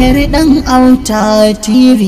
tahir dan auta tv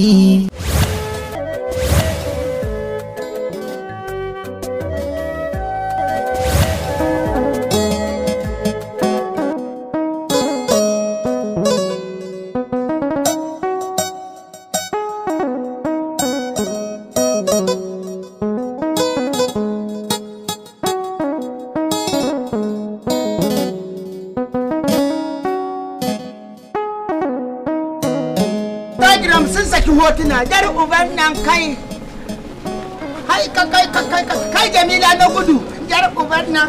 sun saki hotuna dar uban nan kai kai kai kai kai jamila na gudu dar uban nan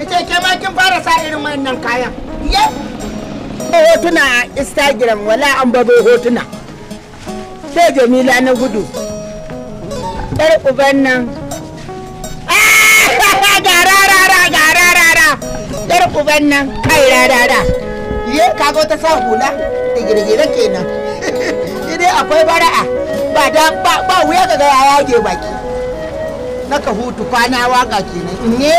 ita ke ma kin fara sa irin wannan kayan ye hotuna a instagram wala an babo hotuna sai jamila na gudu dar uban nan ah, ga rarara ga uban nan kai rarara ye kago ta sa hula da girgire kenan akwai bara'a ba da ba ba wuya ga ya yage baki na ka hutu kwana waka kenan in ne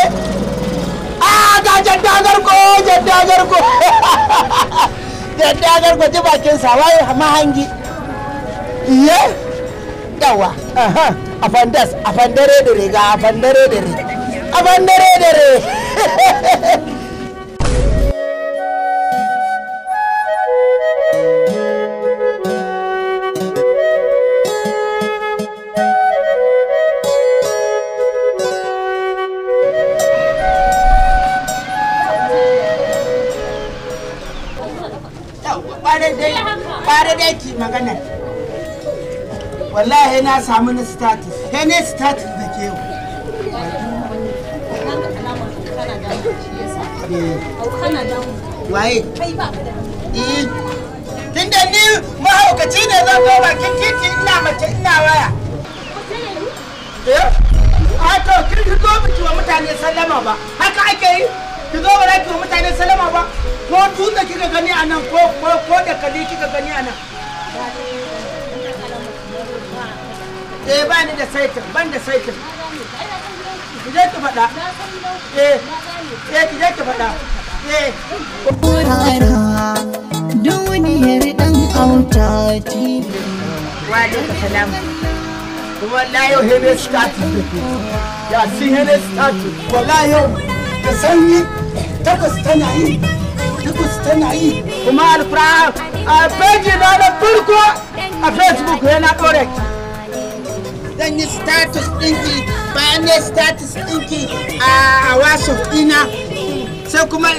a ga jaddagar ko jaddagar ko jaddagar ko ji bakin sa waye mahangi iye yawa aha afandas a dare ga a dare a dare ƙware dai ki magana wallahi na samu na status sai ne status da ke yau waye eh, tun da ni mahaukaci ne zan zo bakin titi ina mace ina waya eh? a ah, to kin zo biki wa mutane sallama ba ko tun da kika gani a nan ko da kali kika gani a nan eh ba ni da saitin ban da saitin ki je ki faɗa eh eh ki je ki faɗa eh duniyar dan auta wa salam kuma la yau hebe statu ya si hebe statu wallahi yau da sanyi takwas tana yi takwas tana yi kuma alfahar a feji na na farko a facebook yana ɗore zan yi status ɗinki bayan ne status ɗinki a wasu ina sai kuma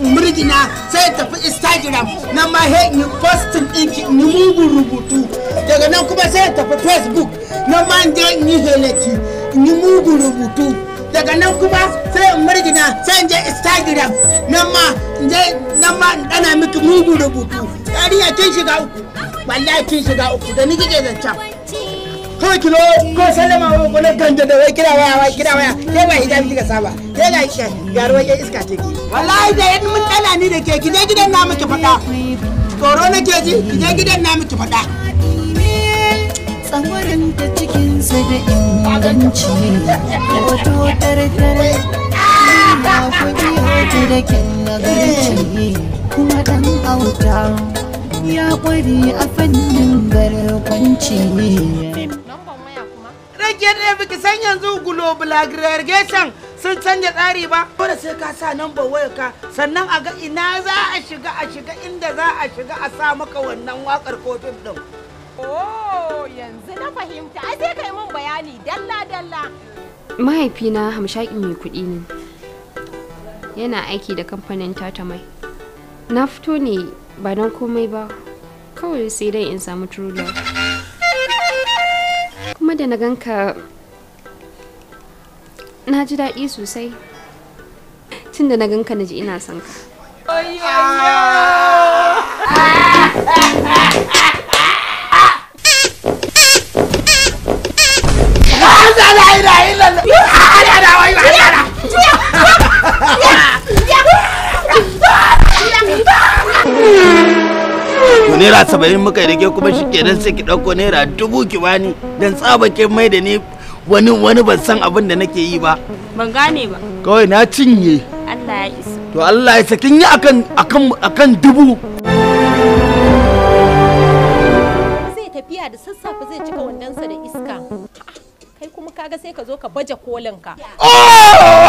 murgina sai tafi instagram nan ma he in postin ɗinki in yi mugun rubutu daga nan kuma sai tafi facebook nan ma in je in yi heleki mugun rubutu daga nan kuma sai in murgina sai in je instagram nan ma in je nan ma in dana miki mugu rubutu yariya kin shiga uku wallahi kin shiga uku da ni kike zancan ki kilo ko sallama wa gole ganja da wai kira waya wai kira waya ke ba idan kika saba ke ga kike garuwa ke iska take wallahi da yadda mun dana ni da ke ki je gidan namu ki fada tsoro nake ji ki je gidan na ki fada tsamarinta cikinsa da inganci wato tartare na kuɗi wata da kin nagarci kuma ɗan auta ya ƙwari a fannin barkwanci rage ne biki san yanzu global aggregation sun canja tsari ba dole sai ka sa number waya ka sannan a ga ina za a shiga a shiga inda za a shiga a sa maka wannan wakar kotun din Oh, yanzu na fahimta. Ai sai kai mun bayani dalla-dalla. Mahaifina hamshakin mai kuɗi ne. Yana aiki da kamfanin tata mai. Na fito ne ba don komai ba. Kawai sai dai in samu true Kuma da na ganka na ji daɗi sosai. Tun da na ganka na ji ina son ka. Oyoyo! to naira saba'in muka rage rike kuma shi kenan sai ki ɗauko naira dubu ki bani don tsabakin mai da ni wani wani ban san abin da nake yi ba ban gane ba kawai na cinye Allah ya isa to Allah ya sakin yi akan akan akan dubu zai tafiya da sassafe zai cika wandonsa da iska kai kuma kaga sai ka zo ka baje kolin ka oh!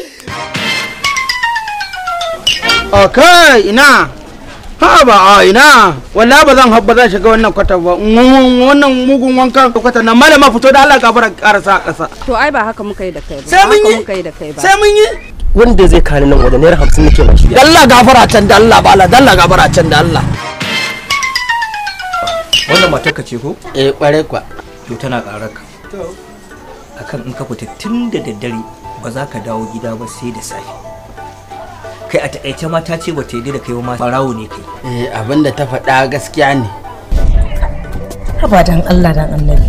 Okay, ina ha ba a ina wala ba zan haɓa zan shiga wannan kwata ba wannan mugun wankan kwata na malama fito da Allah gafara karasa kasa to ai ba haka muka yi da kai ba sai mun yi ba sai mun yi wanda zai kani nan wajen naira hamsin nake ba shi Allah gafara can da Allah ba Allah Allah gafara can da Allah wannan matar ka ce ko eh kware kwa to tana karar ka akan in ka fita tun da daddare ba za ka dawo gida ba sai da safe kai a takaice ma ta ce bata yi da kai ma barawo ne kai eh abinda ta faɗa gaskiya ne haba dan Allah dan annabi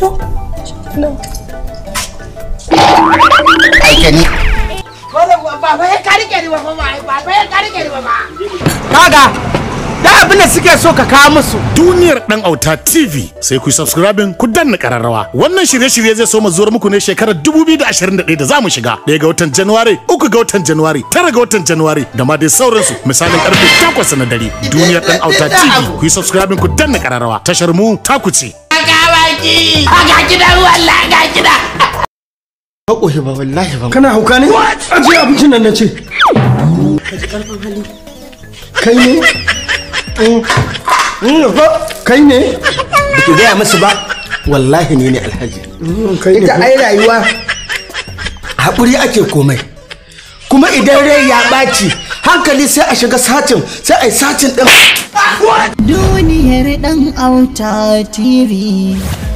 to aike ni baba ya karike ni baba baba ya karike ni baba kaga da abin da suke so ka kawo musu duniyar dan auta tv sai ku subscribe ku danna kararrawa wannan shirye-shirye zai so mu zuwa muku ne shekarar 2021 da zamu shiga daya ga watan january uku ga watan january tara ga watan january da ma dai sauransu misalin karfe 8 na dare duniyar dan auta tv ku subscribe ku danna kararrawa tashar mu taku ce baki ga gida wallahi ga gida ba koshi ba wallahi ba kana hauka ne aje abincin nan nace kai ne Mm. Mm, kai ne ki gaya musu ba wallahi ne ne alhaji mm, ita ai rayuwa haƙuri ake komai kuma idan rai ya ɓaci hankali sai a shiga satin sai a yi satin ɗin duniyar ɗan auta tv